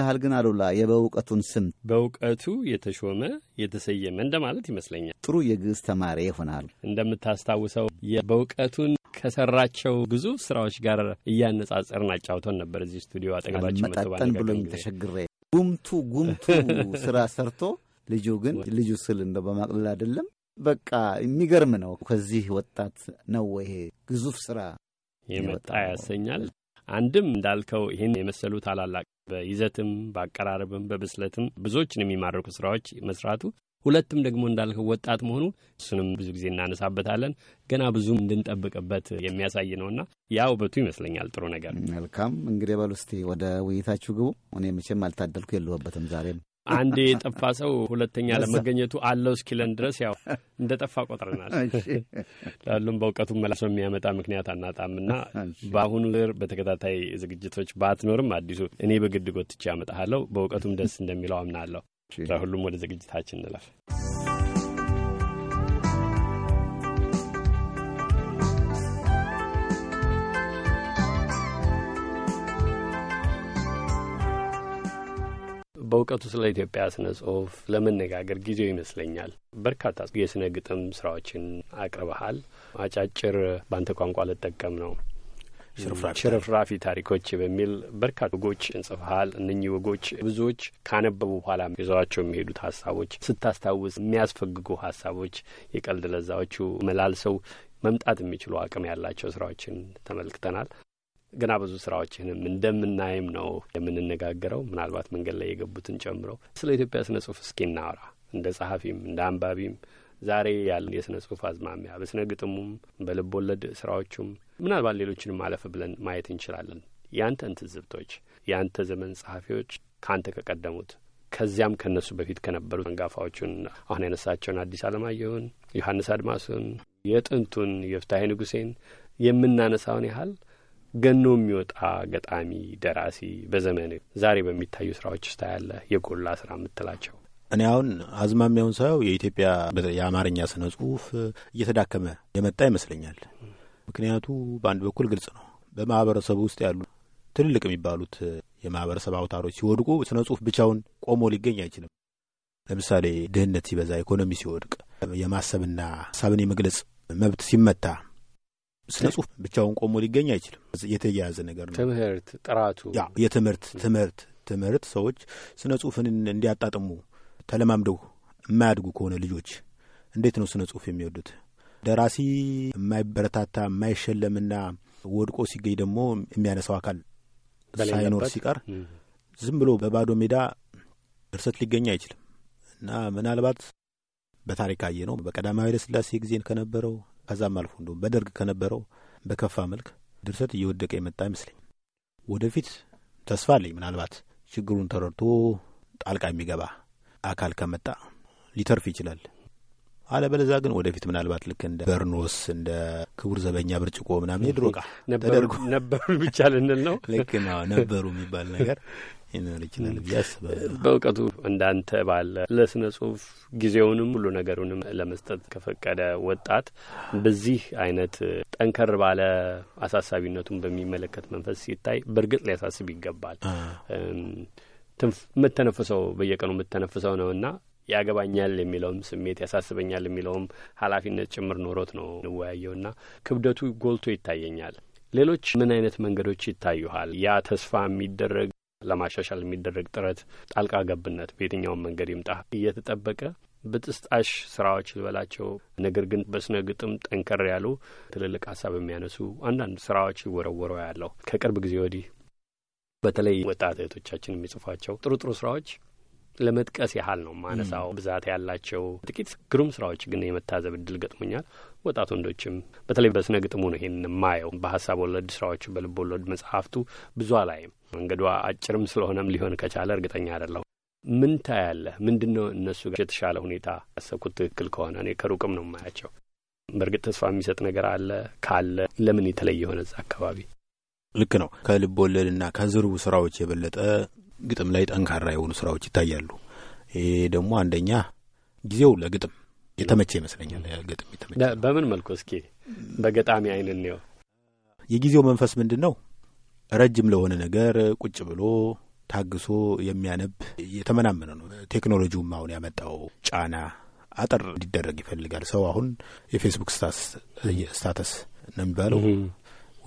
ብለሃል ግን አሉላ የበእውቀቱን ስም በእውቀቱ የተሾመ የተሰየመ እንደማለት ይመስለኛል። ጥሩ የግዕዝ ተማሪ ይሆናል። እንደምታስታውሰው የበእውቀቱን ከሰራቸው ግዙፍ ስራዎች ጋር እያነጻጸርን አጫውተን ነበር። እዚህ ስቱዲዮ አጠገባችን መጣጠን ብሎኝ ተሸግሬ ጉምቱ ጉምቱ ስራ ሰርቶ ልጁ ግን ልጁ ስል እንደው በማቅለል አይደለም። በቃ የሚገርም ነው። ከዚህ ወጣት ነው ይሄ ግዙፍ ስራ የመጣ ያሰኛል። አንድም እንዳልከው ይህን የመሰሉ ታላላቅ በይዘትም በአቀራረብም በብስለትም ብዙዎችን የሚማርኩ ስራዎች መስራቱ ሁለትም ደግሞ እንዳልከው ወጣት መሆኑ እሱንም ብዙ ጊዜ እናነሳበታለን። ገና ብዙ እንድንጠብቅበት የሚያሳይ ነውና ያ ውበቱ ይመስለኛል ጥሩ ነገር። መልካም እንግዲህ በሉ እስቲ ወደ ውይይታችሁ ግቡ። እኔ መቼም አልታደልኩ የለሁበትም ዛሬም አንድ የጠፋ ሰው ሁለተኛ ለመገኘቱ አለው እስኪለን ድረስ ያው እንደ ጠፋ ቆጥረናል። ላሉም በእውቀቱ መላሶ የሚያመጣ ምክንያት አናጣምና በአሁኑ ር በተከታታይ ዝግጅቶች ባትኖርም አዲሱ እኔ በግድ ጎትቼ አመጣሃለሁ። በእውቀቱም ደስ እንደሚለው አምናለሁ። ለሁሉም ወደ ዝግጅታችን እንለፍ። በእውቀቱ ስለ ኢትዮጵያ ስነ ጽሁፍ ለመነጋገር ጊዜው ይመስለኛል። በርካታ የስነ ግጥም ስራዎችን አቅርበሃል። አጫጭር በአንተ ቋንቋ ልጠቀም ነው ሽርፍራፊ ታሪኮች በሚል በርካታ ወጎች እንጽፈሃል። እነኚህ ወጎች ብዙዎች ካነበቡ በኋላ ይዘዋቸው የሚሄዱት ሀሳቦች፣ ስታስታውስ የሚያስፈግጉ ሀሳቦች፣ የቀልድ ለዛዎቹ መላልሰው መምጣት የሚችሉ አቅም ያላቸው ስራዎችን ተመልክተናል። ገና ብዙ ስራዎችህንም እንደምናይም ነው የምንነጋገረው። ምናልባት መንገድ ላይ የገቡትን ጨምሮ ስለ ኢትዮጵያ ስነ ጽሁፍ እስኪ እናወራ። እንደ ጸሐፊም እንደ አንባቢም ዛሬ ያለን የስነ ጽሁፍ አዝማሚያ በስነ ግጥሙም በልብ ወለድ ስራዎቹም ምናልባት ሌሎችንም አለፍ ብለን ማየት እንችላለን። ያንተን ትዝብቶች ያንተ ዘመን ጸሐፊዎች ከአንተ ከቀደሙት ከዚያም ከእነሱ በፊት ከነበሩት አንጋፋዎቹን አሁን ያነሳቸውን አዲስ አለማየሁን፣ ዮሐንስ አድማሱን፣ የጥንቱን የፍትሐ ንጉሴን የምናነሳውን ያህል ገኖ የሚወጣ ገጣሚ፣ ደራሲ በዘመን ዛሬ በሚታዩ ስራዎች ውስጥ ያለ የጎላ ስራ የምትላቸው? እኔ አሁን አዝማሚያውን ሳየው የኢትዮጵያ የአማርኛ ስነ ጽሁፍ እየተዳከመ የመጣ ይመስለኛል። ምክንያቱ በአንድ በኩል ግልጽ ነው። በማህበረሰቡ ውስጥ ያሉ ትልልቅ የሚባሉት የማህበረሰብ አውታሮች ሲወድቁ ስነ ጽሁፍ ብቻውን ቆሞ ሊገኝ አይችልም። ለምሳሌ ድህነት ሲበዛ፣ ኢኮኖሚ ሲወድቅ፣ የማሰብና ሀሳብን የመግለጽ መብት ሲመታ ስነ ጽሁፍ ብቻውን ቆሞ ሊገኝ አይችልም። የተያያዘ ነገር ነው። ትምህርት ጥራቱ ያ የትምህርት ትምህርት ትምህርት ሰዎች ስነ ጽሁፍን እንዲያጣጥሙ ተለማምደው የማያድጉ ከሆነ ልጆች እንዴት ነው ስነ ጽሁፍ የሚወዱት? ደራሲ የማይበረታታ የማይሸለምና ወድቆ ሲገኝ ደግሞ የሚያነሳው አካል ሳይኖር ሲቀር ዝም ብሎ በባዶ ሜዳ ድርሰት ሊገኝ አይችልም እና ምናልባት በታሪክ አየ ነው በቀዳማዊ ኃይለ ሥላሴ ጊዜ ከነበረው ከዛም አልፎ እንደሁም በደርግ ከነበረው በከፋ መልክ ድርሰት እየወደቀ የመጣ አይመስለኝ። ወደፊት ተስፋ አለኝ። ምናልባት ችግሩን ተረድቶ ጣልቃ የሚገባ አካል ከመጣ ሊተርፍ ይችላል። አለበለዛ ግን ወደፊት ምናልባት ልክ እንደ በርኖስ እንደ ክቡር ዘበኛ ብርጭቆ ምናምን የድሮ ዕቃ ተደርጎ ነበሩ ብቻ ልንል ነው። ልክ ነው ነበሩ የሚባል ነገር ይኖር ይችላል ብዬ አስባለሁ። በእውቀቱ እንዳንተ ባለ ለስነ ጽሁፍ ጊዜውንም ሁሉ ነገሩንም ለመስጠት ከፈቀደ ወጣት በዚህ አይነት ጠንከር ባለ አሳሳቢነቱን በሚመለከት መንፈስ ሲታይ በእርግጥ ሊያሳስብ ይገባል። የምተነፍሰው በየቀኑ የምተነፍሰው ነውና ያገባኛል የሚለውም ስሜት ያሳስበኛል የሚለውም ኃላፊነት ጭምር ኖሮት ነው እና ክብደቱ ጎልቶ ይታየኛል። ሌሎች ምን አይነት መንገዶች ይታዩሃል? ያ ተስፋ የሚደረግ ለማሻሻል የሚደረግ ጥረት ጣልቃ ገብነት በየትኛውም መንገድ ይምጣ እየተጠበቀ ብጥስጣሽ ስራዎች ልበላቸው፣ ነገር ግን በስነ ግጥም ጠንከር ያሉ ትልልቅ ሀሳብ የሚያነሱ አንዳንድ ስራዎች ይወረወረ ያለው ከቅርብ ጊዜ ወዲህ በተለይ ወጣት እህቶቻችን የሚጽፏቸው ጥሩ ጥሩ ስራዎች ለመጥቀስ ያህል ነው ማነሳው። ብዛት ያላቸው ጥቂት ግሩም ስራዎች ግን የመታዘብ እድል ገጥሞኛል። ወጣት ወንዶችም በተለይ በስነ ግጥሙ ነው ይሄን የማየው። በሀሳብ ወለድ ስራዎቹ፣ በልብ ወለድ መጽሐፍቱ ብዙ አላይም። መንገዷ አጭርም ስለሆነም ሊሆን ከቻለ እርግጠኛ አይደለሁ። ምን ታያለህ? ምንድን ነው እነሱ ጋር የተሻለ ሁኔታ ያሰብኩት ትክክል ከሆነ እኔ ከሩቅም ነው የማያቸው። በእርግጥ ተስፋ የሚሰጥ ነገር አለ ካለ ለምን የተለየ የሆነ እዛ አካባቢ ልክ ነው። ከልብ ወለድና ከዝርቡ ስራዎች የበለጠ ግጥም ላይ ጠንካራ የሆኑ ስራዎች ይታያሉ። ይሄ ደግሞ አንደኛ ጊዜው ለግጥም የተመቸ ይመስለኛል። ግጥም የተመቸ በምን መልኩ እስኪ በገጣሚ አይን እንየው። የጊዜው መንፈስ ምንድን ነው? ረጅም ለሆነ ነገር ቁጭ ብሎ ታግሶ የሚያነብ የተመናመነ ነው። ቴክኖሎጂውም አሁን ያመጣው ጫና አጠር እንዲደረግ ይፈልጋል። ሰው አሁን የፌስቡክ ስታተስ ነው የሚባለው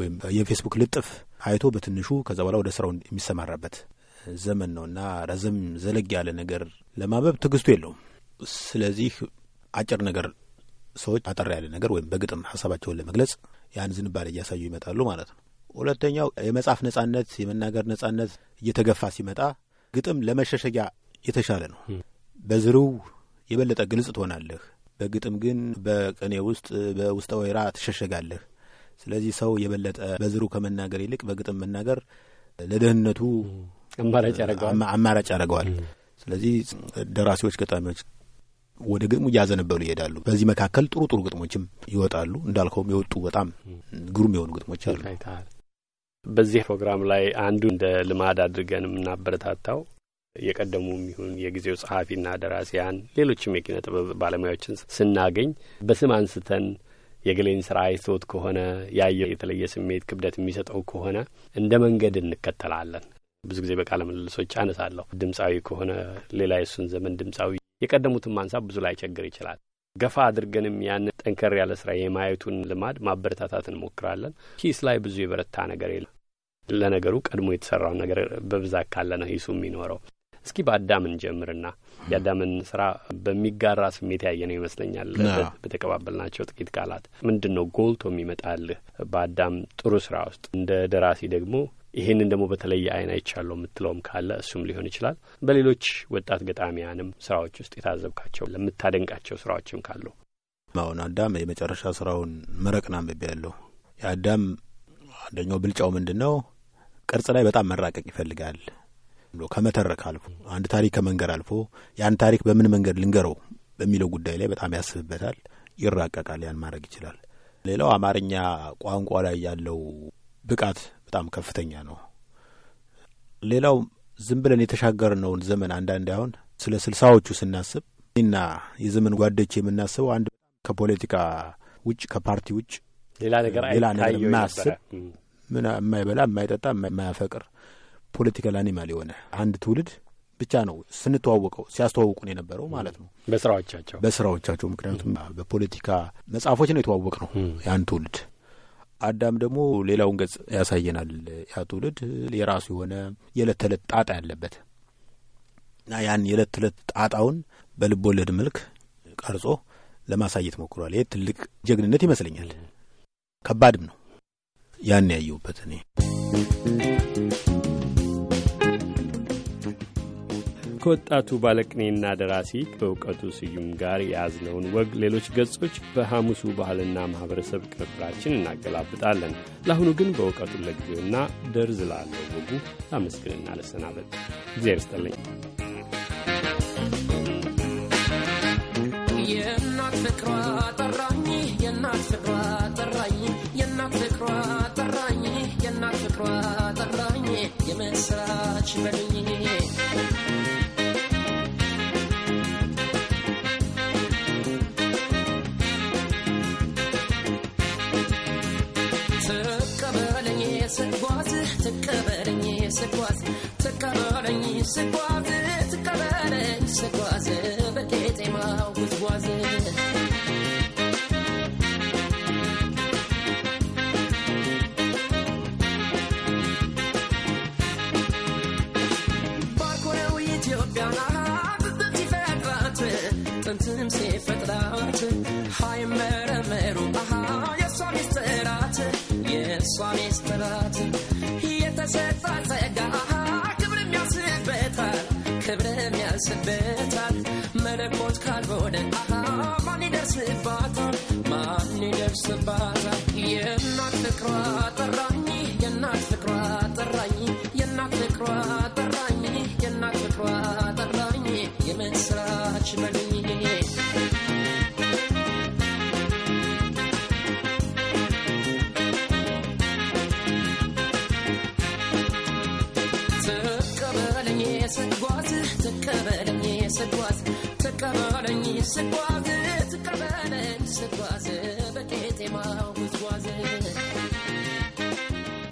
ወይም የፌስቡክ ልጥፍ አይቶ በትንሹ ከዛ በኋላ ወደ ስራው የሚሰማራበት ዘመን እና ረዘም ዘለግ ያለ ነገር ለማንበብ ትዕግስቱ የለውም። ስለዚህ አጭር ነገር ሰዎች አጠር ያለ ነገር ወይም በግጥም ሀሳባቸውን ለመግለጽ ያን ዝንባሌ እያሳዩ ይመጣሉ ማለት ነው። ሁለተኛው የመጻፍ ነጻነት፣ የመናገር ነጻነት እየተገፋ ሲመጣ ግጥም ለመሸሸጊያ የተሻለ ነው። በዝርው የበለጠ ግልጽ ትሆናለህ። በግጥም ግን በቅኔ ውስጥ በውስጠ ወይራ ትሸሸጋለህ። ስለዚህ ሰው የበለጠ በዝሩ ከመናገር ይልቅ በግጥም መናገር ለደህንነቱ አማራጭ ያደርገዋል። ስለዚህ ደራሲዎች፣ ገጣሚዎች ወደ ግጥሙ እያዘነበሉ ይሄዳሉ። በዚህ መካከል ጥሩ ጥሩ ግጥሞችም ይወጣሉ። እንዳልከውም የወጡ በጣም ግሩም የሆኑ ግጥሞች አሉ። በዚህ ፕሮግራም ላይ አንዱ እንደ ልማድ አድርገን የምናበረታታው የቀደሙ የሚሆን የጊዜው ጸሐፊና ደራሲያን ሌሎችም የኪነ ጥበብ ባለሙያዎችን ስናገኝ በስም አንስተን የግሌን ስራ አይቶት ከሆነ ያየው የተለየ ስሜት ክብደት የሚሰጠው ከሆነ እንደ መንገድ እንከተላለን። ብዙ ጊዜ በቃለ ምልልሶች አነሳለሁ። ድምፃዊ ከሆነ ሌላ የሱን ዘመን ድምፃዊ የቀደሙትን ማንሳት ብዙ ላይ ቸግር ይችላል። ገፋ አድርገንም ያንን ጠንከር ያለ ስራ የማየቱን ልማድ ማበረታታት እንሞክራለን። ሂስ ላይ ብዙ የበረታ ነገር የለም። ለነገሩ ቀድሞ የተሰራውን ነገር በብዛት ካለ ነው ሂሱ የሚኖረው። እስኪ በአዳምን ጀምርና የአዳምን ስራ በሚጋራ ስሜት ነው ይመስለኛል። በተቀባበልናቸው ጥቂት ቃላት ምንድን ነው ጎልቶ የሚመጣልህ በአዳም ጥሩ ስራ ውስጥ እንደ ደራሲ ደግሞ ይሄንን ደግሞ በተለየ አይን አይቻለሁ የምትለውም ካለ እሱም ሊሆን ይችላል። በሌሎች ወጣት ገጣሚያንም ስራዎች ውስጥ የታዘብካቸው ለምታደንቃቸው ስራዎችም ካሉ አሁን አዳም የመጨረሻ ስራውን መረቅን አንብቤ ያለሁ የአዳም አንደኛው ብልጫው ምንድን ነው? ቅርጽ ላይ በጣም መራቀቅ ይፈልጋል ብሎ ከመተረክ አልፎ አንድ ታሪክ ከመንገር አልፎ ያን ታሪክ በምን መንገድ ልንገረው በሚለው ጉዳይ ላይ በጣም ያስብበታል፣ ይራቀቃል። ያን ማድረግ ይችላል። ሌላው አማርኛ ቋንቋ ላይ ያለው ብቃት በጣም ከፍተኛ ነው። ሌላው ዝም ብለን የተሻገርነውን ዘመን አንዳንድ አሁን ስለ ስልሳዎቹ ስናስብ እና የዘመን ጓደች የምናስበው አንድ ከፖለቲካ ውጭ ከፓርቲ ውጭ ሌላ ነገር ሌላ ነገር የማያስብ ምን የማይበላ፣ የማይጠጣ፣ የማያፈቅር ፖለቲካል አኒማል የሆነ አንድ ትውልድ ብቻ ነው ስንተዋወቀው ሲያስተዋውቁን የነበረው ማለት ነው። በስራዎቻቸው በስራዎቻቸው ምክንያቱም በፖለቲካ መጽሐፎች ነው የተዋወቅ ነው የአንድ ትውልድ አዳም ደግሞ ሌላውን ገጽ ያሳየናል። ያ ትውልድ የራሱ የሆነ የዕለት ተዕለት ጣጣ ያለበት እና ያን የዕለት ተዕለት ጣጣውን በልብ ወለድ መልክ ቀርጾ ለማሳየት ሞክሯል። ይህ ትልቅ ጀግንነት ይመስለኛል። ከባድም ነው ያን ያየሁበት እኔ ከወጣቱ ባለቅኔና ደራሲ በእውቀቱ ስዩም ጋር የያዝነውን ወግ ሌሎች ገጾች በሐሙሱ ባህልና ማኅበረሰብ ቅንብራችን እናገላብጣለን። ለአሁኑ ግን በእውቀቱን ለጊዜውና ደርዝ ላለው ወጉ ላመስግንና ልሰናበት። እግዚአብሔር ይስጥልኝ። የእናት ፍቅሯ ጠራኝ፣ የእናት ፍቅሯ ጠራኝ፣ የእናት ፍቅሯ ጠራኝ፣ የእናት ፍቅሯ ጠራኝ፣ የምስራች በልኝ ስጓዝ ትቀበለኝ ስጓዝ ትቀበለኝ ስጓዝ ያስበታል መለኮት ካልሆነ ማን ይደርስባታል? ማን ይደርስባታል? የእናት ፍቅሯ se puede